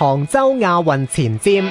杭州亞運前瞻，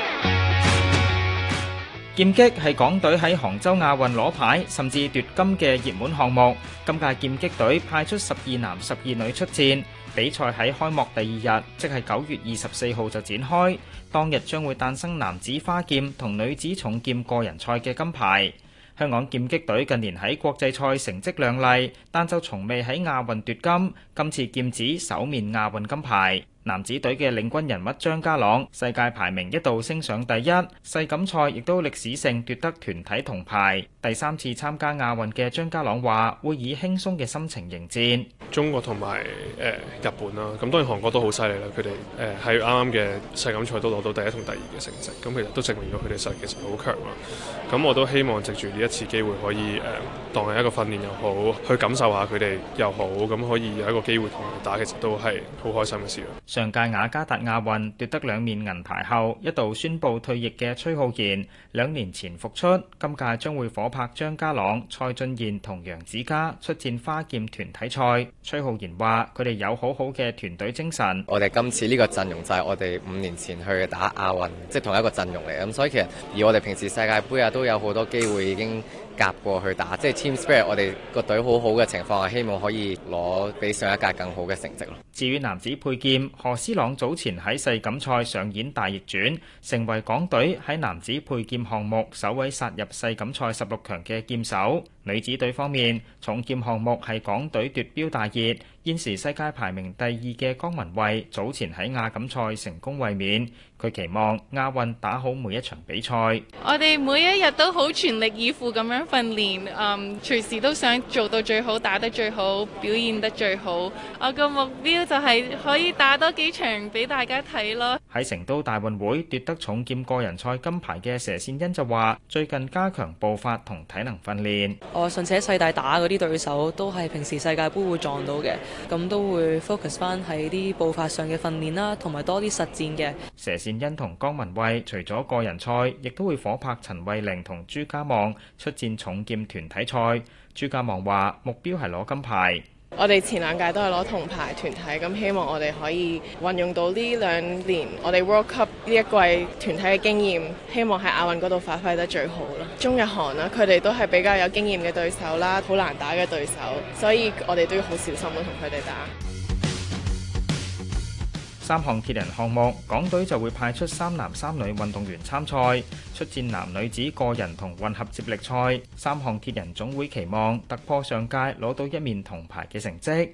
劍擊係港隊喺杭州亞運攞牌甚至奪金嘅熱門項目。今屆劍擊隊派出十二男十二女出戰，比賽喺開幕第二日，即係九月二十四號就展開。當日將會誕生男子花劍同女子重劍個人賽嘅金牌。香港劍擊隊近年喺國際賽成績亮麗，但就從未喺亞運奪金，今次劍指首面亞運金牌。男子隊嘅領軍人物張家朗，世界排名一度升上第一，世錦賽亦都歷史性奪得團體銅牌。第三次參加亞運嘅張家朗話，會以輕鬆嘅心情迎戰。中國同埋誒，日本啦，咁當然韓國都好犀利啦。佢哋誒，喺啱啱嘅世錦賽都攞到第一同第二嘅成績，咁其實都證明咗佢哋實力其實好強啦。咁我都希望藉住呢一次機會可以誒，當係一個訓練又好，去感受下佢哋又好，咁可以有一個機會同佢哋打，其實都係好開心嘅事啊。上屆雅加達亞運奪得兩面銀牌後，一度宣布退役嘅崔浩然，兩年前復出，今屆將會火拍張家朗、蔡俊彥同楊子嘉出戰花劍團體賽。崔浩然話：佢哋有好好嘅團隊精神。我哋今次呢個陣容就係我哋五年前去打亞運，即係同一個陣容嚟嘅，咁所以其實以我哋平時世界杯啊，都有好多機會已經。夾過去打，即係 team spirit。我哋個隊好好嘅情況係希望可以攞比上一屆更好嘅成績咯。至於男子佩劍，何思朗早前喺世錦賽上演大逆轉，成為港隊喺男子佩劍項目首位殺入世錦賽十六強嘅劍手。女子隊方面，重劍項目係港隊奪標大熱，現時世界排名第二嘅江旻憓早前喺亞錦賽成功衛冕，佢期望亞運打好每一場比賽。我哋每一日都好全力以赴咁樣。訓練，嗯，隨時都想做到最好，打得最好，表現得最好。我個目標就係可以打多幾場俾大家睇咯。喺成都大運會奪得重劍個人賽金牌嘅佘善欣就話：最近加強步伐同體能訓練。我上次喺世大打嗰啲對手都係平時世界盃會撞到嘅，咁都會 focus 翻喺啲步伐上嘅訓練啦，同埋多啲實戰嘅。佘善欣同江旻憓除咗個人賽，亦都會火拍陳慧玲同朱家望出戰。重劍團體賽，朱家望話目標係攞金牌。我哋前兩屆都係攞銅牌團體，咁希望我哋可以運用到呢兩年我哋 World Cup 呢一季團體嘅經驗，希望喺亞運嗰度發揮得最好啦。中日韓啦，佢哋都係比較有經驗嘅對手啦，好難打嘅對手，所以我哋都要好小心咯，同佢哋打。三項鐵人項目，港隊就會派出三男三女運動員參賽，出戰男女子個人同混合接力賽。三項鐵人總會期望突破上屆，攞到一面銅牌嘅成績。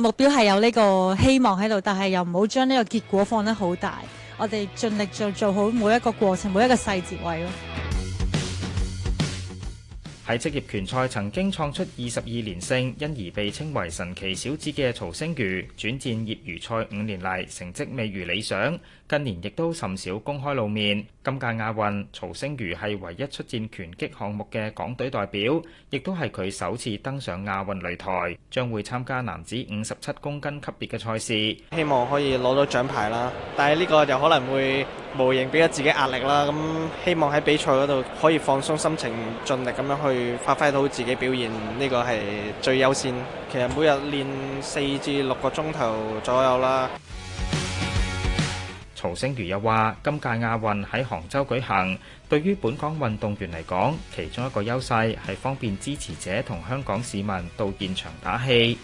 目標係有呢個希望喺度，但係又唔好將呢個結果放得好大。我哋盡力做做好每一個過程，每一個細節位咯。喺職業拳賽曾經創出二十二連勝，因而被稱為神奇小子嘅曹星如，轉戰業餘賽五年嚟成績未如理想，近年亦都甚少公開露面。今屆亞運，曹星如係唯一出戰拳擊項目嘅港隊代表，亦都係佢首次登上亞運擂台，將會參加男子五十七公斤級別嘅賽事。希望可以攞到獎牌啦，但係呢個就可能會無形俾咗自己壓力啦。咁希望喺比賽嗰度可以放鬆心情，盡力咁樣去。發揮到自己表現，呢個係最優先。其實每日練四至六個鐘頭左右啦。曹星如又話，今屆亞運喺杭州舉行，對於本港運動員嚟講，其中一個優勢係方便支持者同香港市民到現場打氣。